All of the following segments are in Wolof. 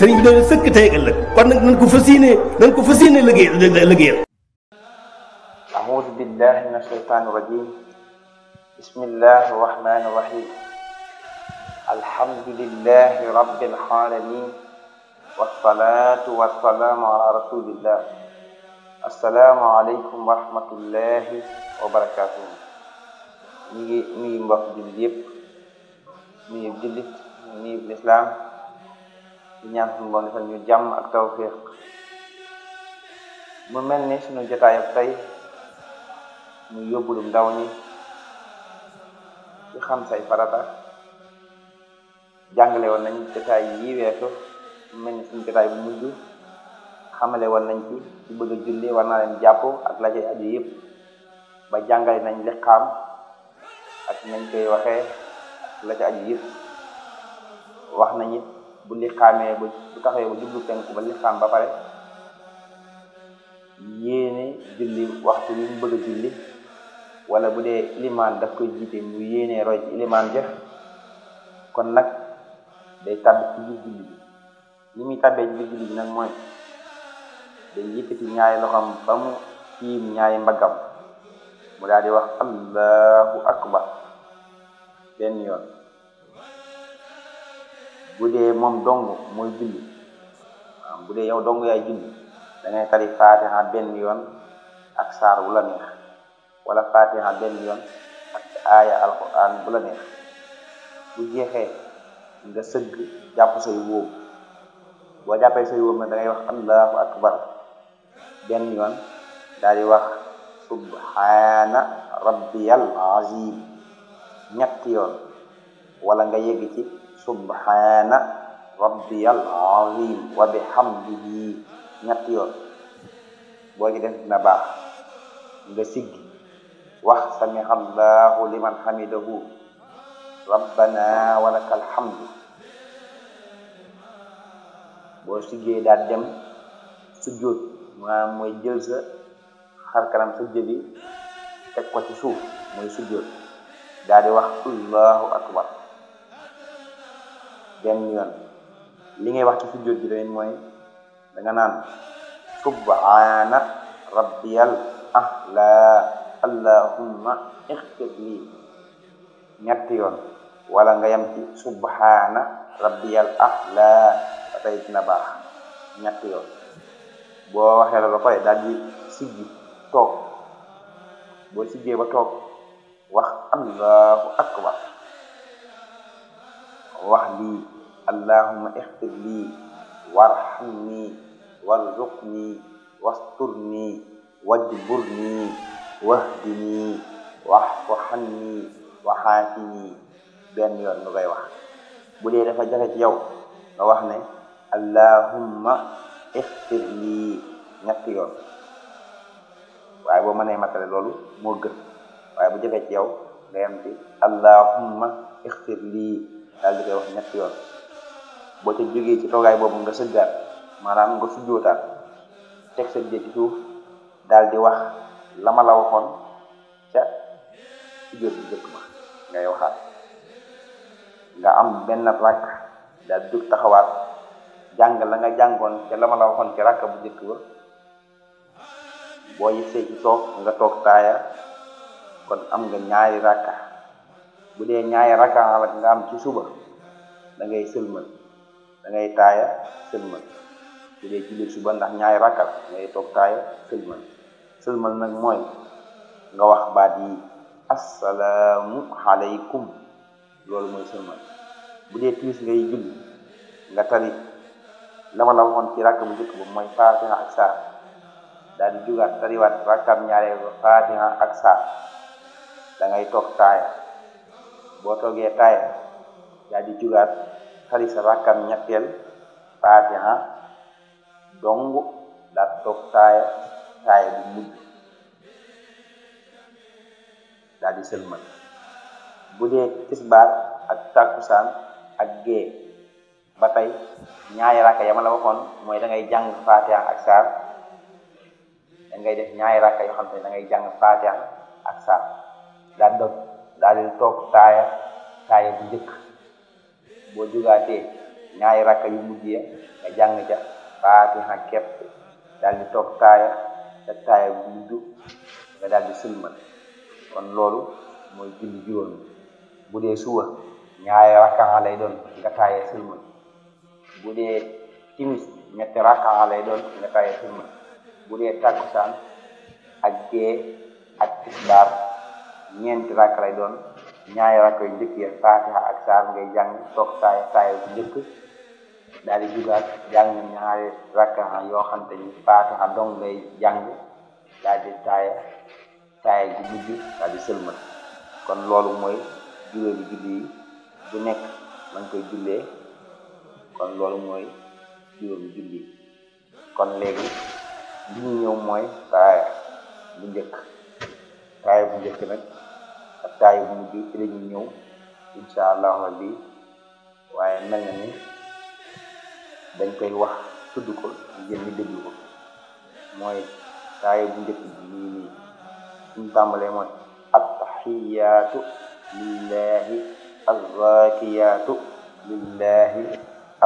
sëriñ bi dana sëkk tey ëllëg kon nag nañ ko fas yéene nañ ko fas yéene liggéey liggéeyal audu billahi min asheytaan irrajim bismillahi irrahmani irrahim alhamdulilahi rabbil alamin wassalatu wassalaamu ala rasulillah assalaamu aleykum wa rahmatullahi wa barakatuhu ñu ngi nuyu mbokk jullit yëpp nuyu jullit nuyu lislaam di ñaan suñu borom defal ñu jàmm ak tawfiq mu mel ni suñu jotaayam tey mu yóbbulum ndaw ñi ci xam say farata jàngale woon nañ jotaay yi weesu mel ni suñu jotaay mujj xamale woon nañ ci ci bëgg a julli war naa leen jàpp ak la cay aju yëpp ba jàngale nañ liqaam ak nañ koy waxee ak la ca aju yëpp wax nañ bu liqaamee ba bu taxawee ba jublu penku ba liqaam ba pare yéene julli waxtu wi mu bëgg a julli bu dee limaan daf koy jiite mu yéene roy ci jëf kon nag day tàbbi ci biir julli bi li muy tàbbee ci biir julli bi nag mooy day yëkkati ñaari loxam ba mu tiim ñaari mbaggam mu daal di wax allahu akbar benn yoon bu dee moom dong mooy julli waaw bu dee yow dong yaay julli da ngay tari fatiha benn yoon ak saar wu la neex wala fatiha benn yoon ak aaya alquran bu la neex bu jeexee nga sëgg jàpp say wóom boo jàppee say wóom nag da wax allahu akbar benn yoon daal di wax subhaana rabbiyal azim ñetti yoon wala nga yegg ci subhaana rabbiyal azim wa bihamdihi ñett yoon boo ci def dina baax nga siggi wax samiha allahu liman hamidahu rabbana walakal hamdu boo siggee daal dem sujjóot maanaam mooy jël sa xar kanam sa jëbi teg ko ci suuf mooy sujjóot daal di wax allahu akbar benn yoon li ngay wax ci sujjóot mooy danga naan subhaana rabbiyal ahla allahumma ixfir lii ñetti yoon wala nga yem ci subhaana rabbiyal ahla ba tey dina baax yoon boo waxee la ba pare toog boo siggee ba toog wax allahu akbar wax lii allahuma ixfir lii warxam nii warzuq nii wastur nii wajbur nii wahdi nii waxfu xan nii waxaati nii benn yoon nga koy wax bu dee dafa jafe ci yow nga wax ne allahumma ixfir lii ñetti yoon waaye boo mënee matale loolu moo gën waaye bu jafe ci yow nga yem ci allahumma ixfir lii daal di koy wax ñetti yoon boo ca jógee ci toogaay boobu nga sëggaat maanaam nga sujjootaat teg sa jë ci suuf daal di wax la la waxoon ca sujjoot bu jëkk ma ngay waxaat nga am benn rakk daal di jóg taxawaat jàng la nga jàngoon ca la waxoon ci rakk bu jëkk ba boo yëgsee ci toog nga toog taaya kon am nga ñaari rakka bu dee ñaari rakka la nga am ci suba da ngay sëlmal da taaya sëlmal bu dee julli suba ndax ñaari rakka la da ngay toog taaya sëlmal sëlmal nag mooy nga wax baat yi assalaamu aleykum loolu mooy sëlmal bu dee tiis ngay julli nga tari la ma ci rakk bu njëkk ba mooy faatiha ak saar daal di jugaat tariwaat rakkaam ñaareel ba faatiha ak saar da ngay toog taaya boo toogee taaya daa di jugaat xali sa rakkam ñetteel faatiha dong daal toog taaya taaya bu mujj daal di bu dee tisbaar ak takkusaan ak gée ba tey ñaari rakka yama la waxoon mooy da ngay jàng faatiha ak saar dangay def ñaari rakka yoo xam te ne da ngay jàng faatiha ak saar daal doog daal di toog taaya taaya bu boo jógaatee ñaari rakka yu mujj nga jàng ca faatiha kepp daal di toog taaya sa taaya bu nga daal di sëlmal kon loolu mooy julli juróomi bu dee suba ñaari rakka lay doon nga taaya sëlmal bu dee timis ñetti rakka lay doon nga taaya sëlmal bu dee takkusaan ak gee tisbaar ñeenti rakk lay doon ñaari rakk yu njëkk ya faatiha ak saar ngay jàng soog saay saay bu njëkk daal di jugaat jàng ñaari rakk yoo xam te ni faatiha dong ngay jàng daal di taaya kon loolu mooy juróomi julli yi bu nekk man koy jullee kon loolu mooy juróomi julli kon léegi li ñu ñëw mooy taaya bu njëkk njëkk nag ak taay bu mujj ci la ñuy ñëw incha allahu rabbi waaye mel na ni dañ koy wax tudd ko ngeen ñu déglu ko mooy taay bu njëkk bi nii nii suñ tàmbalee mooy attaxiyaatu lillahi azzakiyaatu lillahi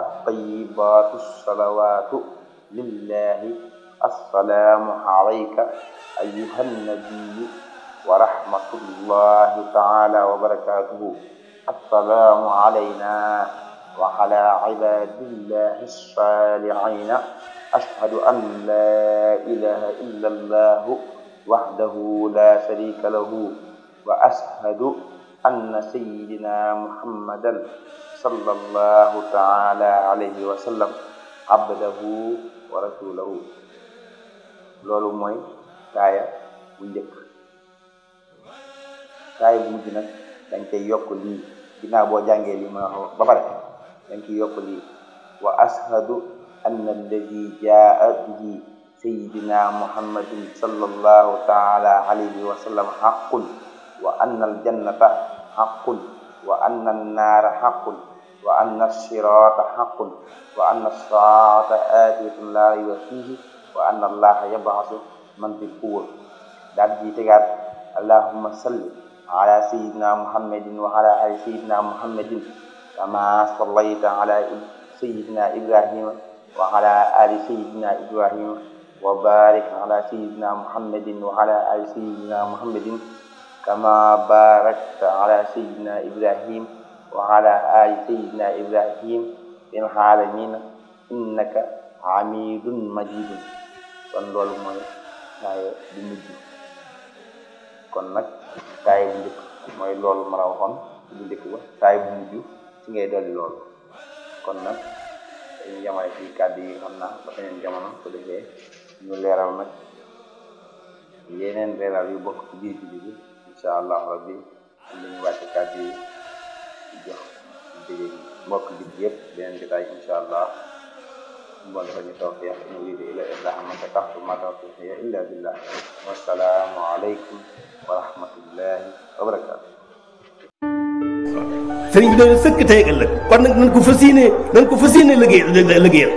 attayibaatu salawaatu lillahi assalaamu alayka wa rahmatullahi taala wa barakatuhu assalaamu alayna wa ala ibadillahi salihin ashhadu an la ilaha illa allah wahdahu la sharika lahu wa ashhadu anna sayyidina muhammadan sallallahu taala alayhi wa sallam abdahu wa rasuluhu loolu mooy taaya bu njëkk raay bu mujj nag dañ koy yokk lii ginnaaw boo jàngee li ma wax ba pare dañ koy yokk lii wa ashadu anna alladi jaa bihi sayidina muhammadin sallallahu taala alayhi wa sallam xaqun wa anna aljannata xaqun wa anna annaara xaqun wa anna alsiraata xaqun wa anna alsaata aatiyatun laa rayba fiihi wa anna allaha yabasu man fi quwa daal di tegaat allahumma salli ala sayidina muhammadin wa ala ali sayidina muhammadin kama sallayta ala sayidina ibrahima wa ala ali sayidina ibrahima wa barik ala sayidina muhammadin wa ala ali sayidina muhammadin kama barakta ala sayidina ibrahim wa ala ali sayidina ibrahim fil alamina innaka hamidun majidun kon loolu mooy waaye di mujj kon nag saay bu njëkk mooy loolu ma la waxoon bu njëkk ba saay bu mujj ci ngay dolli loolu kon nag dañu yamale ci kàddu yi xam naa ba beneen jamono su defee ñu leeral nag yeneen leeral yu bokk ci biir bi incha allah rabbi dañu wàcc kàddu yi jox mbokk bi yëpp beneen jotaay incha allah mboolem ñu taw fiix in uridu illa islaaha ma istata'tu wa ma tawfiiqii illa billah wassalaamu aleykum wa rahmatullahi wa barakaatu sëriñ bi de sëkk tey ëllëg kon nag nañ ko fas yéene nañ ko fas yéene liggéey liggéeyal